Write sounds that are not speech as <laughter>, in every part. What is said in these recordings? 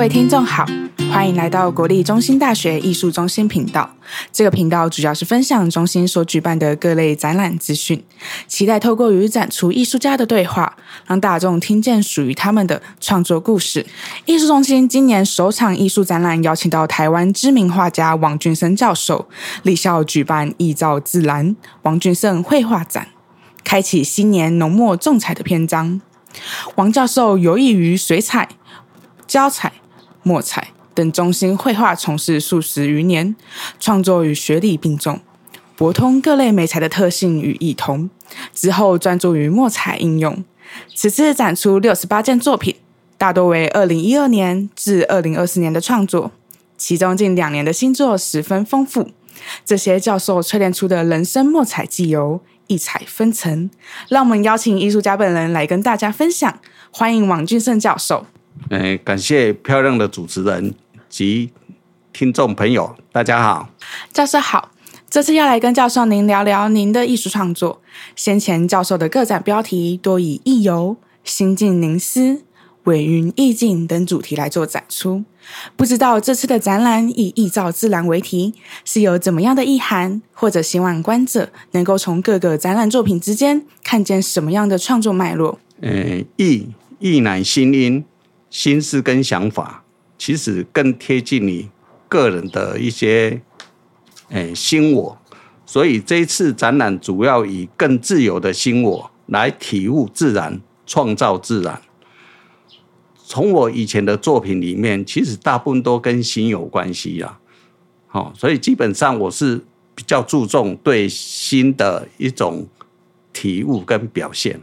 各位聽眾好，歡迎來到國立中興大學藝術中心頻道。這個頻道主要是分享中心所舉辦的各類展覽資訊，期待透過與展出藝術家的對話，讓大眾聽見屬於他們的創作故事。藝術中心今年首場藝術展覽，邀請到台灣知名畫家王俊盛教授，蒞校舉辦《意造自然：王俊盛繪畫展》，開啟新年濃墨重彩的篇章。王教授游藝於水彩、膠彩、墨彩等中西繪事從事數十餘年，創作與學理並重，博通各類媒材的特性與異同。之後專注於墨彩應用，此次展出六十八件作品，大多為二零一二年至二零二四年的創作，其中近兩年的新作十分豐富。這些教授淬煉出的人生墨彩記遊，異彩紛呈。讓我們邀請藝術家本人來跟大家分享，歡迎王俊盛教授。嗯，感謝漂亮的主持人及聽眾朋友，大家好，教授好。這次要來跟教授您聊聊您的藝術創作。先前教授的個展標題多以“意遊”“心境凝思”“偉雲意境”等主題來做展出，不知道這次的展覽以“意造自然”為題，是有怎麼樣的意涵，或者希望觀者能夠從各個展覽作品之間看見什麼樣的創作脈絡？嗯，意意乃心音。心思跟想法，其實更貼近你個人的一些誒心我，所以這一次展覽主要以更自由的心我來體悟自然，創造自然。從我以前的作品裡面，其實大部分都跟心有關係啊，好、哦，所以基本上我是比較注重對心的一種體悟跟表現。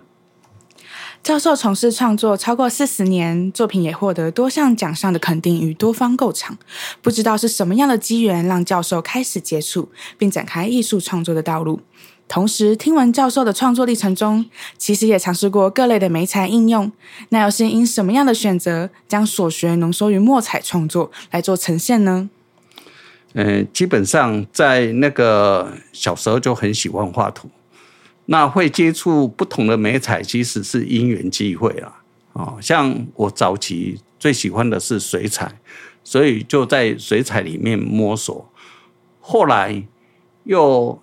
教授從事創作超過四十年，作品也獲得多項獎項的肯定與多方購藏。不知道是什麼樣的機緣，讓教授開始接觸並展開藝術創作的道路。同時，聽聞教授的創作歷程中，其實也嘗試過各類的媒材應用。那又是因什麼樣的選擇，將所學濃縮於墨彩創作來做呈現呢？嗯、呃，基本上在那個小時候就很喜歡畫圖。那會接觸不同的媒材，其實是因緣際會了哦。像我早期最喜歡的是水彩，所以就在水彩裡面摸索。後來又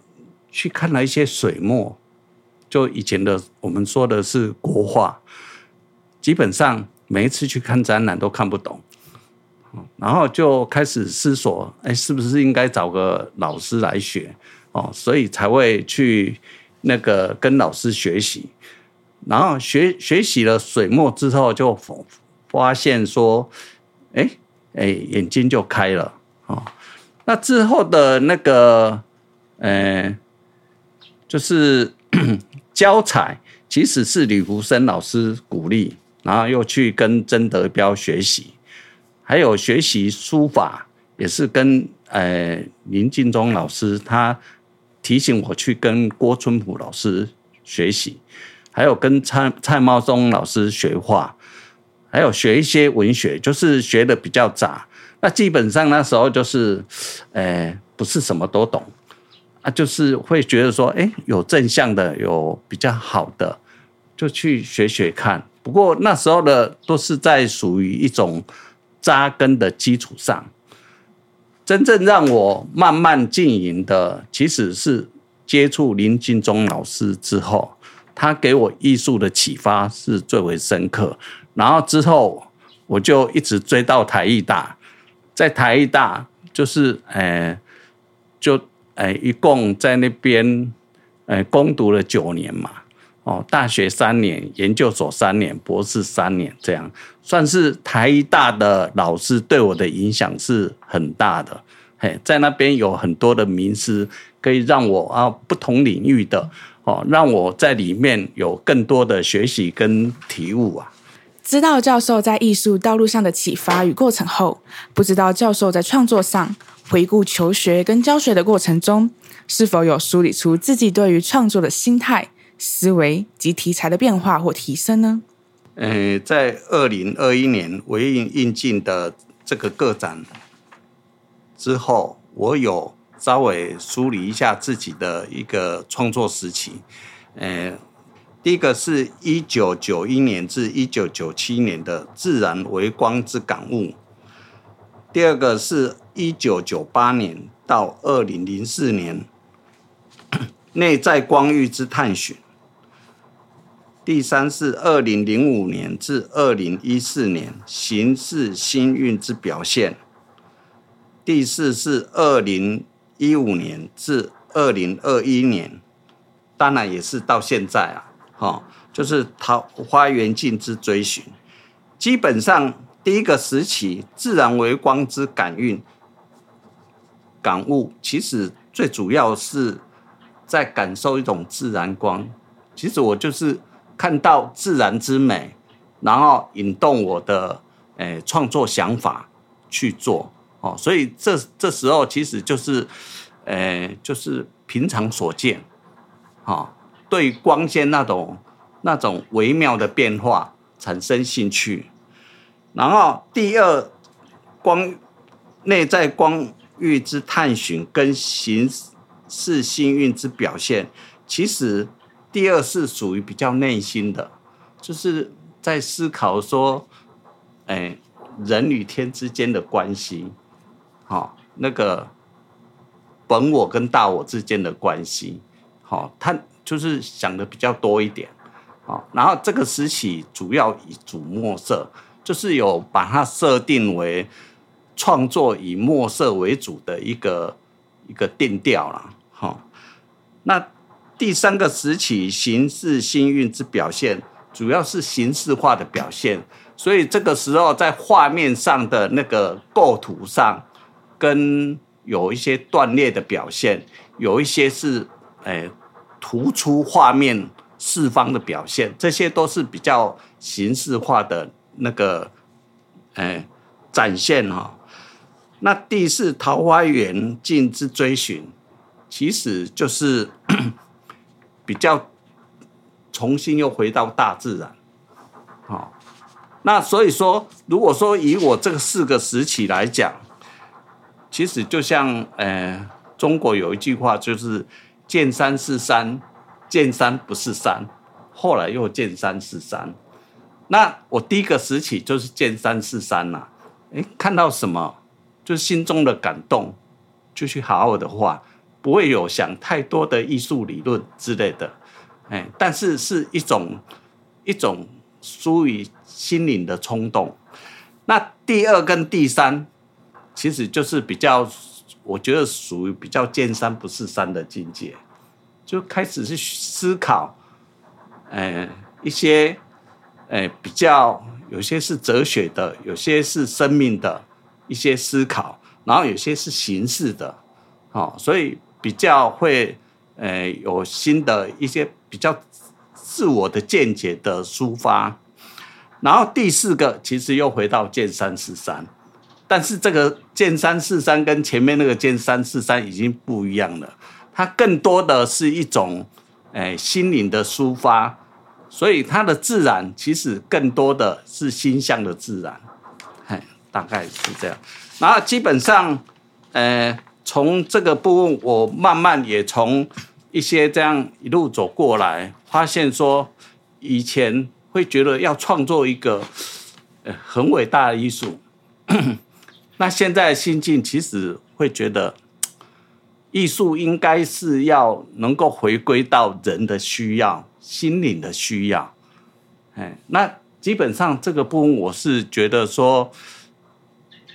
去看了一些水墨，就以前的我們說的是國畫。基本上每一次去看展覽都看不懂，然後就開始思索：哎，是不是應該找個老師來學？哦，所以才會去。那個跟老師學習，然後學學習了水墨之後，就發現說，哎哎，眼睛就開了、哦。那之後的那個，呃，就是 <coughs> 膠彩，其實是李福生老師鼓勵，然後又去跟曾德彪學習，還有學習書法，也是跟誒林晉忠老師他。提醒我去跟郭春浦老師學習，還有跟蔡蔡茂松老師學畫，還有學一些文學，就是學的比較雜。那基本上那時候就是，欸、不是什麼都懂啊，就是會覺得說，誒、欸，有正向的，有比較好的，就去學學看。不過那時候的都是在屬於一種扎根的基礎上。真正讓我慢慢浸淫的，其實是接觸林進忠老師之後，他給我藝術的啟發是最為深刻。然後之後，我就一直追到台藝大，在台藝大就是，哎、呃，就哎、呃，一共在那邊，哎、呃，攻讀了九年嘛。哦，大學三年，研究所三年，博士三年，這樣算是台藝大的老師對我的影響是很大的。嘿，在那邊有很多的名師，可以讓我啊不同領域的哦，讓我在裡面有更多的學習跟體悟啊。知道教授在藝術道路上的啟發與過程後，不知道教授在創作上回顧求學跟教學的過程中，是否有梳理出自己對於創作的心態？思維及題材的變化或提升呢？呃，在二零二一年唯一應進的這個個展之後，我有稍微梳理一下自己的一個創作時期。呃，第一個是一九九一年至一九九七年的自然為光之感悟；第二個是一九九八年到二零零四年內在光域之探尋。第三是二零零五年至二零一四年，形式心運之表現；第四是二零一五年至二零二一年，當然也是到現在啊，哈、哦，就是桃花源境之追尋。基本上第一個時期，自然為光之感應、感悟，其實最主要是在感受一種自然光。其實我就是。看到自然之美，然後引動我的誒、呃、創作想法去做哦，所以這這時候其實就是，誒、呃，就是平常所見，啊、哦，對光線那種那種微妙的變化產生興趣，然後第二，光內在光域之探尋跟形式幸運之表現，其實。第二是屬於比較內心的，就是在思考說，哎、欸，人與天之間的關係，哈、哦，那個本我跟大我之間的關係，哈、哦，他就是想的比較多一點，好、哦，然後這個時期主要以主墨色，就是有把它設定為創作以墨色為主的一個一個定調了，哈、哦，那。第三個時期形式新運之表現，主要是形式化的表現，所以這個時候在畫面上的那個構圖上，跟有一些斷裂的表現，有一些是誒突出畫面四方的表現，這些都是比較形式化的那個誒展現哈。哦，那第四桃花源境之追尋，其實就是。比較重新又回到大自然，哦，那所以說，如果說以我這個四個時期來講，其實就像呃、欸，中國有一句話就是“見山是山，見山不是山”，後來又見山是山。那我第一個時期就是見山是山吶、啊，哎、欸，看到什麼，就心中的感動，就去好好的畫。不會有想太多的藝術理論之類的，哎，但是是一種一種屬於心靈的衝動。那第二跟第三，其實就是比較，我覺得屬於比較見山不是山的境界，就開始去思考，呃、哎，一些呃、哎、比較有些是哲學的，有些是生命的一些思考，然後有些是形式的，哦，所以。比較會，呃，有新的一些比較自我的見解的抒發，然後第四個其實又回到劍三四三，但是這個劍三四三跟前面那個劍三四三已經不一樣了，它更多的是一種，呃，心靈的抒發，所以它的自然其實更多的是心象的自然，哎，大概是這樣，然後基本上，呃。從這個部分，我慢慢也從一些這樣一路走過來，發現說以前會覺得要創作一個很偉大的藝術， <coughs> 那現在心境其實會覺得藝術應該是要能夠回歸到人的需要、心靈的需要。那基本上這個部分，我是覺得說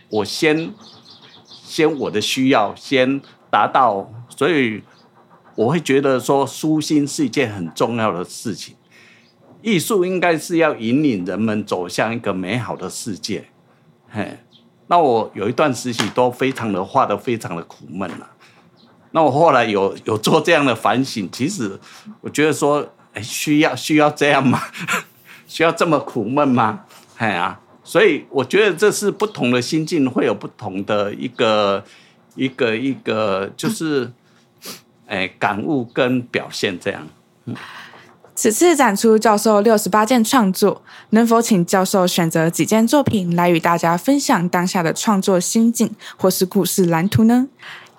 我先。先我的需要先達到，所以我會覺得說舒心是一件很重要的事情。藝術應該是要引領人們走向一個美好的世界。嘿，那我有一段時期都非常的畫得非常的苦悶。那我後來有有做這樣的反省，其實我覺得說，欸，需要需要這樣嗎？需要這麼苦悶嗎？嘿啊。所以我覺得這是不同的心境會有不同的一個一個一個，就是哎、嗯，感悟跟表現這樣。嗯。此次展出教授六十八件創作，能否請教授選擇幾件作品來與大家分享當下的創作心境或是故事藍圖呢？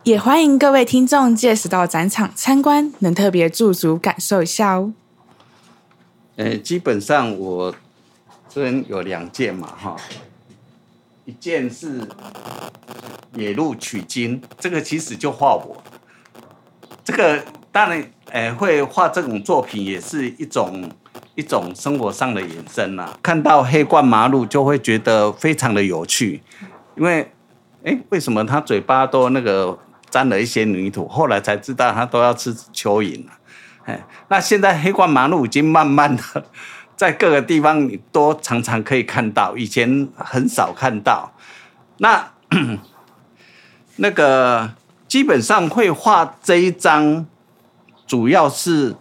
也歡迎各位聽眾屆時到展場參觀，能特別駐足感受一下哦。誒，基本上我。然有兩件嘛，哈，一件是野鹿取經，這個其實就畫我，這個當然，哎、欸，會畫這種作品也是一種一種生活上的延伸吶。看到黑冠麻鷺就會覺得非常的有趣，因為、欸，為什麼他嘴巴都那個沾了一些泥土？後來才知道他都要吃蚯蚓，啊欸、那現在黑冠麻鷺已經慢慢的。在各個地方，你都常常可以看到，以前很少看到。那 <coughs> 那個基本上會畫這一張，主要是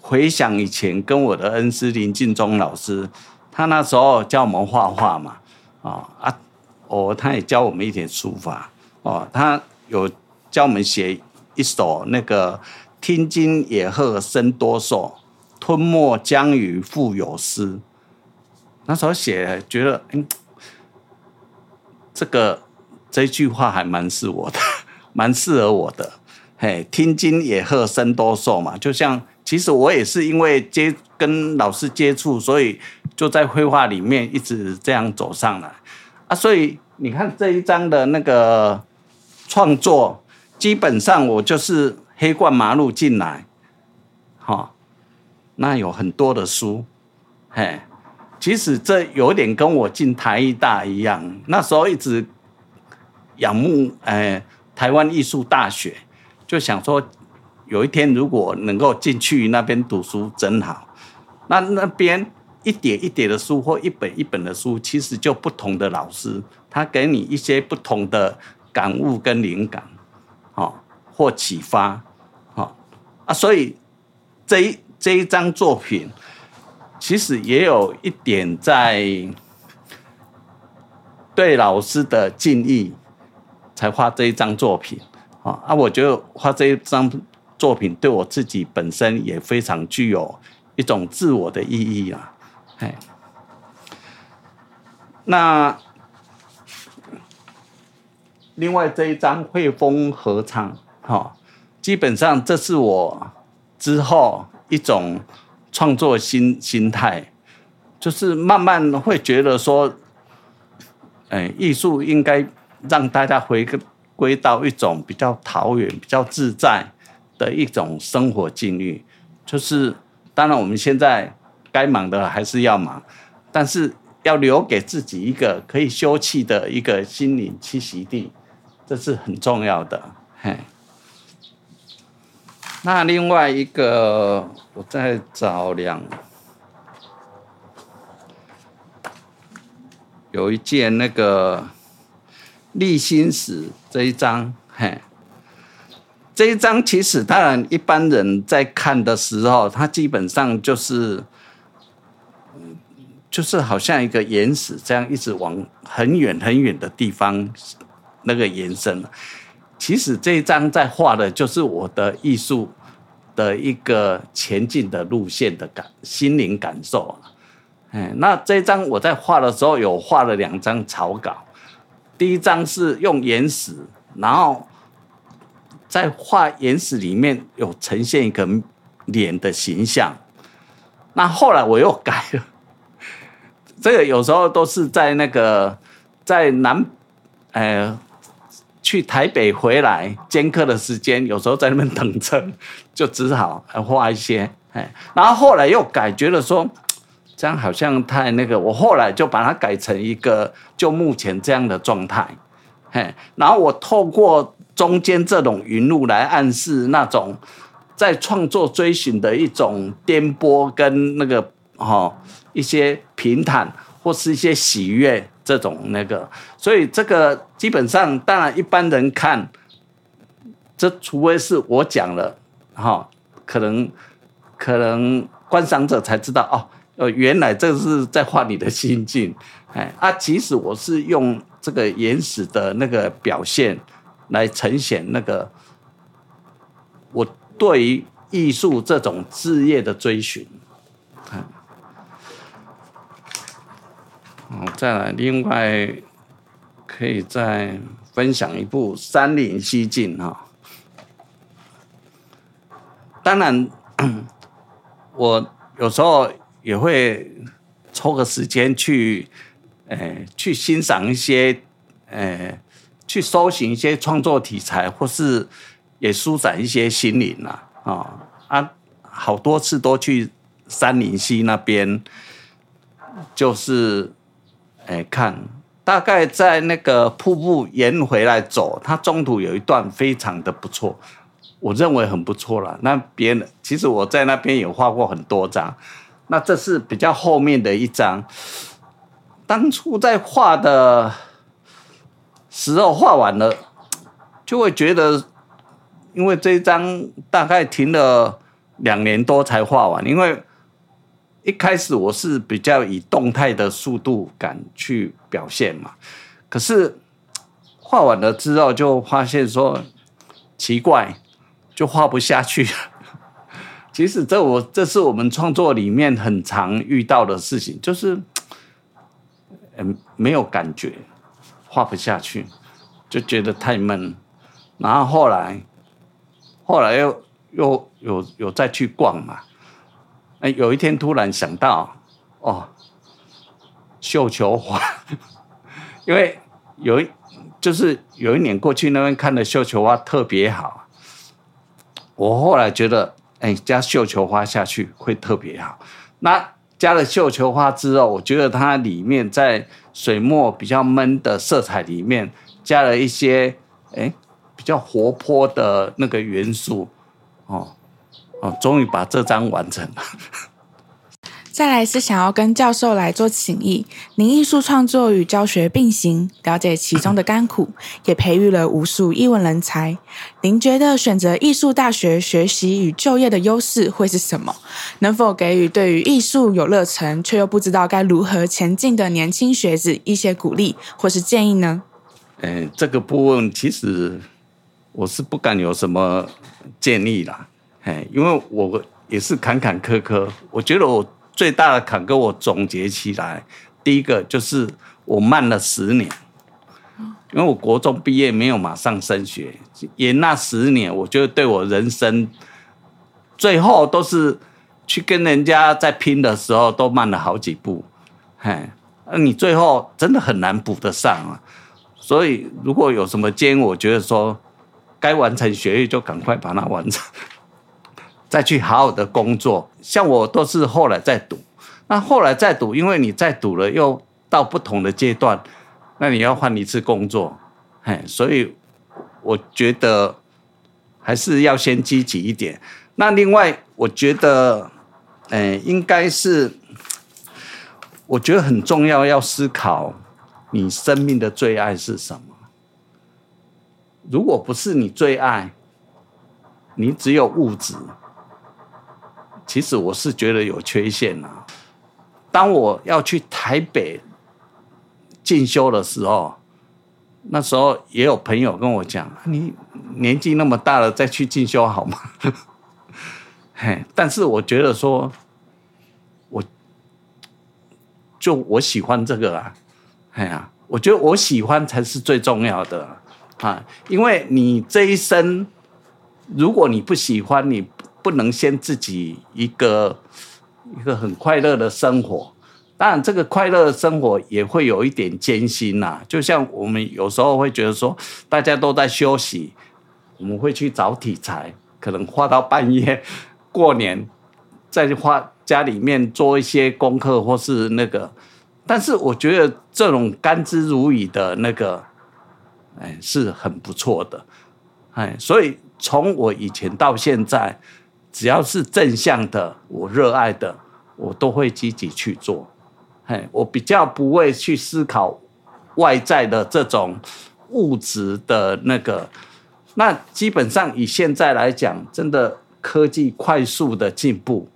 回想以前跟我的恩師林進忠老師，他那時候教我們畫畫嘛，哦，啊，哦，他也教我們一點書法，哦，他有教我們寫一首那個“聽經野鶴聲多壽”。吞沒江與富有詩，那時候寫覺得，嗯、欸，這個這句話還蠻是我的，蠻適合我的。嘿，聽金野鶴聲多瘦嘛，就像其實我也是因為接跟老師接觸，所以就在繪畫裡面一直這樣走上來啊。所以你看這一張的那個創作，基本上我就是黑罐馬路進來，好、哦。那有很多的書，嘿，其實這有點跟我進台藝大一樣，那時候一直仰慕誒、欸、台灣藝術大學，就想說有一天如果能夠進去那邊讀書，真好。那那邊一點一點的書或一本一本的書，其實就不同的老師，他給你一些不同的感悟跟靈感，哦，或啟發，哦。啊，所以這一。這一張作品，其實也有一點在對老師的敬意，才畫這一張作品啊。啊，我覺得畫這一張作品對我自己本身也非常具有一種自我的意義啊。哎，那另外這一張惠風和暢，哈，基本上這是我之後。一種創作心心態，就是慢慢會覺得說，哎，藝術應該讓大家回歸到一種比較桃源、比較自在的一種生活境遇。就是當然，我們現在該忙的還是要忙，但是要留給自己一個可以休憩的一個心靈棲息地，這是很重要的。嘿。那另外一個，我再找兩，有一件那個立心史這一張，嘿，這一張其實當然一般人在看的時候，它基本上就是，就是好像一個岩石這樣一直往很遠很遠的地方那個延伸了。其實這一張在畫的就是我的藝術的一個前進的路線的感心靈感受啊，哎。那這一張我在畫的時候有畫了兩張草稿，第一張是用岩石，然後在畫岩石裡面有呈現一個臉的形象。那後來我又改了，這個有時候都是在那個，在南，哎去台北回來，兼課的時間有時候在那邊等車，就只好還花一些。嘿，然後後來又改，覺得說這樣好像太那個，我後來就把它改成一個就目前這樣的狀態。嘿，然後我透過中間這種雲霧來暗示那種在創作追尋的一種顛簸跟那個哈、哦、一些平坦或是一些喜悅。這種那個，所以這個基本上，當然一般人看，這除非是我講了，哈、哦，可能可能觀賞者才知道哦、呃，原來這是在畫你的心境，哎啊，即使我是用這個原始的那個表現來呈現那個，我對於藝術這種職業的追尋，哎好，再來，另外可以再分享一部《杉林溪境》哈。當然，我有時候也會抽個時間去，哎，去欣賞一些，哎，去搜尋一些創作題材，或是也舒展一些心靈啊，啊，好多次都去杉林溪那邊，就是。哎、欸，看，大概在那個瀑布沿回來走，它中途有一段非常的不錯，我認為很不錯啦。那別人，其實我在那邊有畫過很多張，那這是比較後面的一張。當初在畫的時候，畫完了，就會覺得，因為這一張大概停了兩年多才畫完，因為。一開始我是比較以動態的速度感去表現嘛，可是畫完了之後就發現說奇怪，就畫不下去了。其實這我這是我們創作裡面很常遇到的事情，就是嗯沒有感覺，畫不下去，就覺得太悶。然後後來後來又又有有再去逛嘛。哎，有一天突然想到，哦，繡球花，因為有一就是有一年過去那邊看的繡球花特別好，我後來覺得，哎，加繡球花下去會特別好。那加了繡球花之後，我覺得它裡面在水墨比較悶的色彩裡面，加了一些哎比較活潑的那個元素，哦。哦、終於把這張完成了。 <laughs> 再來是想要跟教授來做請益，您藝術創作與教學並行，了解其中的甘苦，也培育了無數藝文人才。您覺得選擇藝術大學學習與就業的優勢會是什麼？能否給予對於藝術有熱忱卻又不知道該如何前進的年輕學子一些鼓勵或是建議呢？哎、這個部分其實我是不敢有什麼建議啦。哎，因為我也是坎坎坷坷，我覺得我最大的坎坷，我總結起來，第一個就是我慢了十年，因為我國中畢業沒有馬上升學，也那十年，我覺得對我人生最後都是去跟人家在拼的時候都慢了好幾步，哎，那你最後真的很難補得上啊。所以如果有什麼建議，我覺得說該完成學業就趕快把它完成。再去好好的工作，像我都是後來再讀，那後來再讀，因為你再讀了，又到不同的階段，那你要換一次工作，嘿，所以我覺得還是要先積極一點。那另外，我覺得，哎、欸，應該是我覺得很重要，要思考你生命的最愛是什麼。如果不是你最愛，你只有物質。其實我是覺得有缺陷啊，當我要去台北進修的時候，那時候也有朋友跟我講：“你年紀那麼大了，再去進修好嗎？” <laughs> 嘿，但是我覺得說，我就我喜歡這個啦、啊。哎呀、啊，我覺得我喜歡才是最重要的啊！因為你這一生，如果你不喜歡你，不能先自己一個一個很快樂的生活，當然這個快樂的生活也會有一點艱辛吶、啊。就像我們有時候會覺得說，大家都在休息，我們會去找題材，可能畫到半夜，過年再去畫，家裡面做一些功課或是那個。但是我覺得這種甘之如飴的那個，哎，是很不錯的。哎，所以從我以前到現在。只要是正向的，我熱愛的，我都會積極去做。嘿，我比較不會去思考外在的這種物質的那個。那基本上以現在來講，真的科技快速的進步，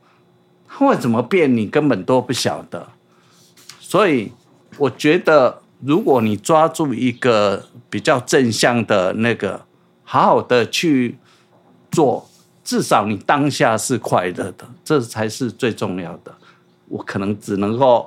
它會怎麼變，你根本都不曉得。所以，我覺得如果你抓住一個比較正向的那個，好好的去做。至少你當下是快樂的，這才是最重要的。我可能只能夠，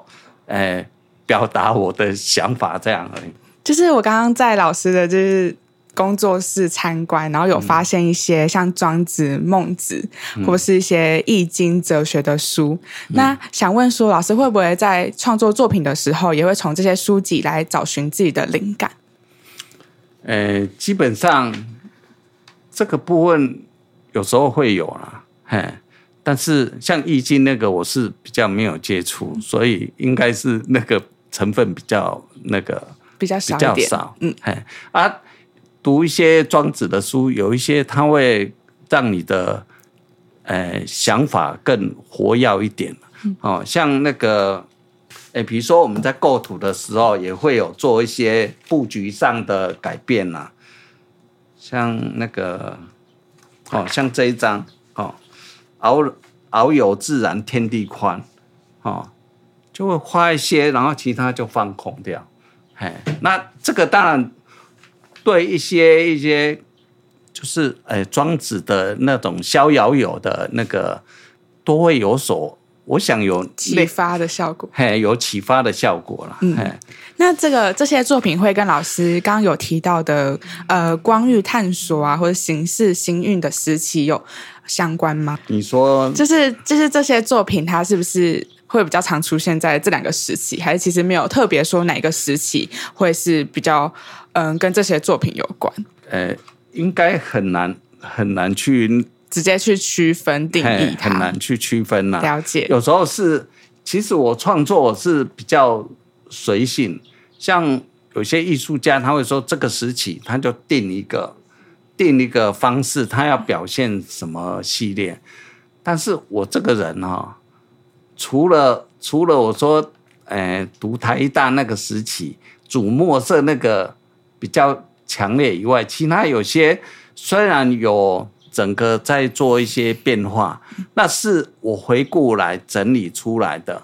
哎、呃，表達我的想法這樣而已。就是我剛剛在老師的，就是工作室參觀，然後有發現一些像莊子、孟子，嗯、或是一些易經哲學的書。嗯、那想問說，老師會不會在創作作品的時候，也會從這些書籍來找尋自己的靈感？呃，基本上這個部分。有時候會有啦，嘿，但是像《易經》那個我是比較沒有接觸，嗯、所以應該是那個成分比較那個比較少一點，嗯，哎、啊，讀一些莊子的書，有一些它會讓你的呃、欸、想法更活躍一點，嗯、哦，像那個譬、欸、比如說我們在構圖的時候也會有做一些布局上的改變吶、啊，像那個。嗯哦，像這一張，哦，遨遨遊自然，天地寬，哦，就會畫一些，然後其他就放空掉。哎嘿，那這個當然對一些一些，就是呃，欸，莊子的那種逍遙遊的那個，都會有所。我想有啟發的效果，嘿，有啟發的效果了。嗯，嘿那這個這些作品會跟老師剛剛有提到的呃，光遇探索啊，或者形式神韻的時期有相關嗎？你說，就是就是這些作品，它是不是會比較常出現在這兩個時期？還是其實沒有特別說哪一個時期會是比較嗯、呃，跟這些作品有關？呃、欸，應該很難很難去。直接去區分定義，很難去區分呢、啊。了解。有時候是，其實我創作是比較隨性。像有些藝術家，他會說這個時期他就定一個定一個方式，他要表現什麼系列。嗯、但是我這個人哈、哦，除了除了我說，哎、欸，讀台藝大那個時期主墨色那個比較強烈以外，其他有些雖然有。整個在做一些變化，那是我回顧來整理出來的。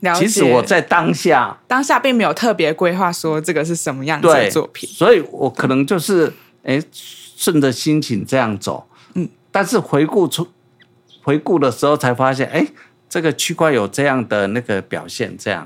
了解，其實我在當下，當下並沒有特別規劃說這個是什麼樣的，對，作品，所以我可能就是哎、嗯，順着心情這樣走。嗯，但是回顧出回顧的時候才發現，哎，這個區塊有這樣的那個表現，這樣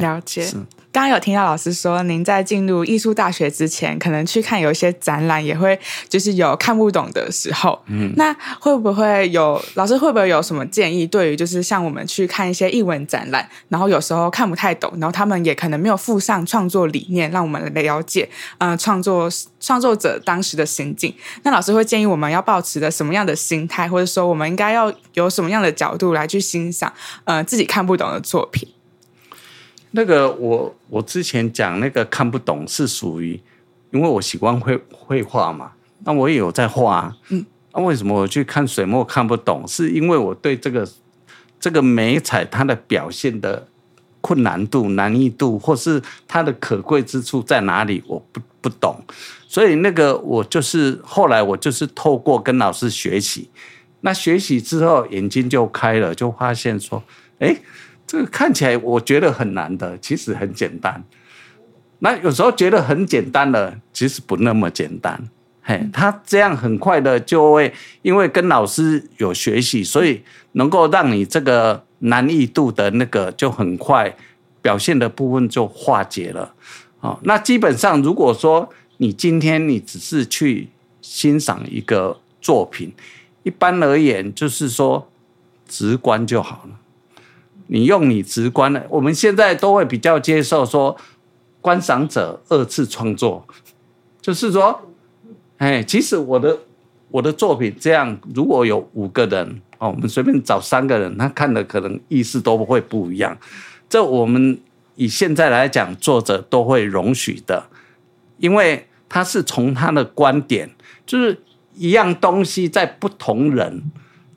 了解。剛剛有聽到老師說，您在進入藝術大學之前，可能去看有一些展覽，也會就是有看不懂的時候。嗯，那會不會有老師會不會有什麼建議？對於就是像我們去看一些藝文展覽，然後有時候看不太懂，然後他們也可能沒有附上創作理念，讓我們了解呃創作創作者當時的心境。那老師會建議我們要抱持著什麼樣的心態，或者說我們應該要有什麼樣的角度來去欣賞呃自己看不懂的作品？那個我我之前講那個看不懂是屬於，因為我喜歡繪繪畫嘛，那我也有在畫、啊，嗯，那、啊、為什麼我去看水墨看不懂？是因為我對這個這個媒材它的表現的困難度、難易度，或是它的可貴之處在哪裡，我不不懂。所以那個我就是後來我就是透過跟老師學習，那學習之後眼睛就開了，就發現說，哎。這個看起來我覺得很難的，其實很簡單。那有時候覺得很簡單的，其實不那麼簡單。嘿，他這樣很快的就會，因為跟老師有學習，所以能夠讓你這個難易度的那個就很快表現的部分就化解了。哦，那基本上如果說你今天你只是去欣賞一個作品，一般而言就是說直觀就好了。你用你直觀的，我們現在都會比較接受說，觀賞者二次創作，就是說，哎，其實我的我的作品這樣，如果有五個人哦，我們隨便找三個人，他看的可能意思都不會不一樣。這我們以現在來講，作者都會容許的，因為他是從他的觀點，就是一樣東西在不同人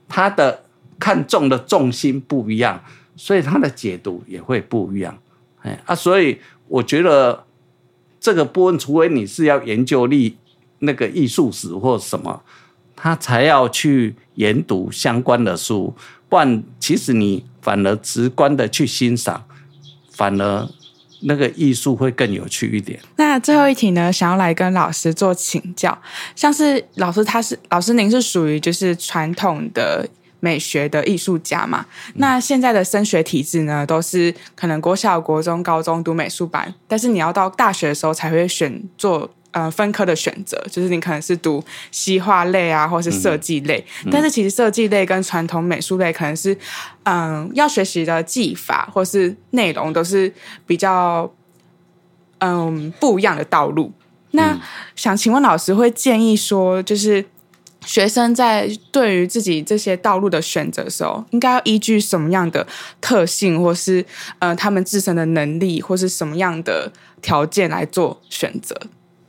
他的看重的重心不一樣。所以他的解讀也會不一樣，哎啊，所以我覺得這個部分，除非你是要研究藝那個藝術史或什麼，他才要去研讀相關的書，不然其實你反而直觀的去欣賞，反而那個藝術會更有趣一點。那最後一題呢，想要來跟老師做請教，像是老師他是老師，您是屬於就是傳統的。美學的藝術家嘛，那現在的升學體制呢，都是可能國小、國中、高中讀美術班，但是你要到大學的時候才會選做呃分科的選擇，就是你可能是讀西畫類啊，或是設計類，嗯嗯、但是其實設計類跟傳統美術類可能是嗯要學習的技法或是內容都是比較嗯不一樣的道路。那、嗯、想請問老師會建議說，就是。學生在對於自己這些道路的選擇的時候，應該要依據什麼樣的特性，或是，呃，他們自身的能力，或是什麼樣的條件來做選擇？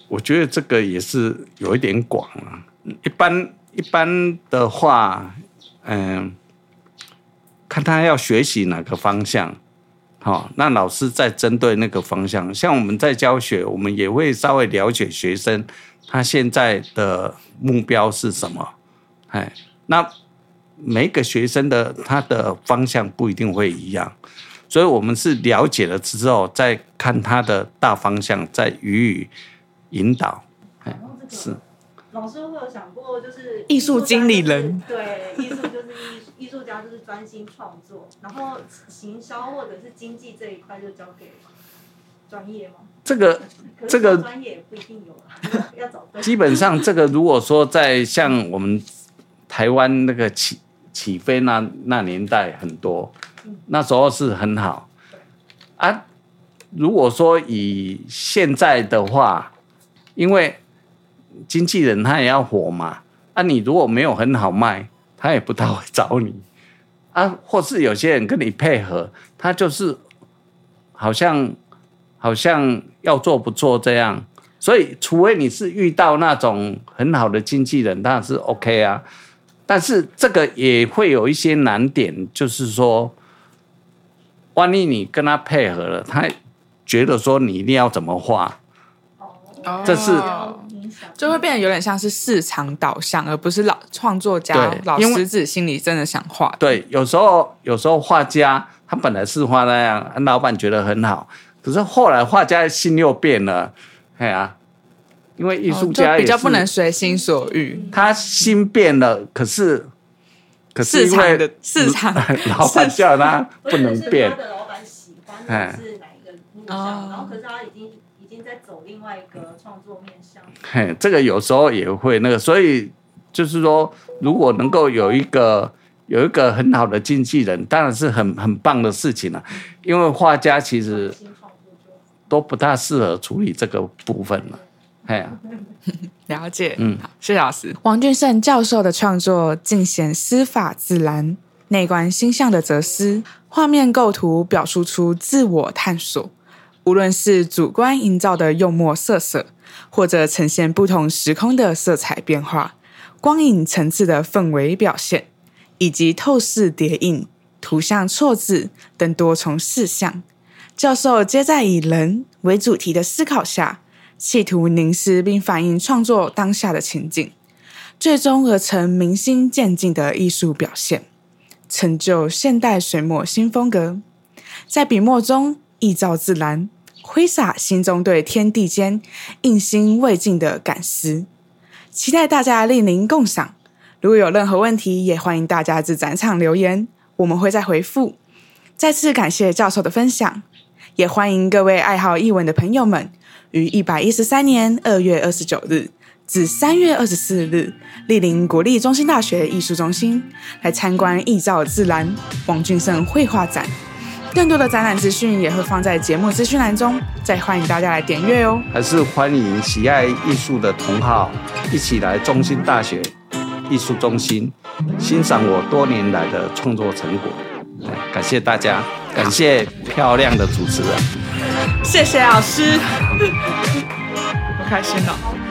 我覺得這個也是有一點廣啊。一般一般的話，嗯，看他要學習哪個方向，好、哦，那老師在針對那個方向。像我們在教學，我們也會稍微了解學生。他現在的目標是什麼？哎，那每個學生的他的方向不一定會一樣，所以我們是了解了之後再看他的大方向，再予以引導。哎、這個，是。老師會有想過，就是藝術家就是，藝術經理人？對，藝術就是藝術， <laughs> 藝術家，就是專心創作，然後行銷或者是經濟這一塊就交給。專業嗎？這個這個專業不一定有，啊，這個、基本上這個，如果說在像我們台灣那個起起飛那那年代，很多，嗯、那時候是很好。對啊，如果說以現在的話，因為經紀人他也要火嘛，啊，你如果沒有很好賣，他也不大會找你。啊，或是有些人跟你配合，他就是好像，好像要做不做這樣，所以除非你是遇到那種很好的經紀人，當然是 OK 啊。但是這個也會有一些難點，就是說，萬一你跟他配合了，他覺得說你一定要怎麼畫，哦、這是就會變得有點像是市場導向，而不是老創作家對老師自己心裡真的想畫的。對，有時候有時候畫家他本來是畫那樣，老板覺得很好。可是後來畫家的心又變了，哎呀，因為藝術家也是、哦、比較不能隨心所欲，嗯、他心變了，嗯、可是可是因為市場老闆叫他不能變，是是他的老闆喜歡是哪一個面向，哦、然後可是他已經已經在走另外一個創作面向。嗯嗯、嘿，這個有時候也會那個，所以就是說，如果能夠有一個有一個很好的經紀人，當然是很很棒的事情了，因為畫家其實。都不大適合處理這個部分了，哎呀、啊，了解，嗯，好，謝謝老師，王俊盛教授的創作盡顯師法自然、內觀心象的哲思，畫面構圖表述出自我探索。無論是主觀營造的用墨色色，或者呈現不同時空的色彩變化、光影層次的氛圍表現，以及透視疊印、圖像錯字等多重視像。教授皆在以人為主題的思考下，企圖凝視並反映創作當下的情境，最終而成明星漸進的藝術表現，成就現代水墨新風格。在筆墨中意造自然，揮灑心中對天地間應心未盡的感思。期待大家蒞臨共賞。如果有任何問題，也歡迎大家至展場留言，我們會再回復。再次感謝教授的分享。也歡迎各位愛好藝文的朋友們，於一百一十三年二月二十九日至三月二十四日，蒞臨國立中心大學藝術中心來參觀《藝造自然》王俊勝繪畫展。更多的展覽資訊也會放在節目資訊欄中，再歡迎大家來點閱哦。還是歡迎喜愛藝術的同好一起來中心大學藝術中心，欣賞我多年來的創作成果。感謝大家，感謝漂亮的主持人，謝謝老師，好開心哦。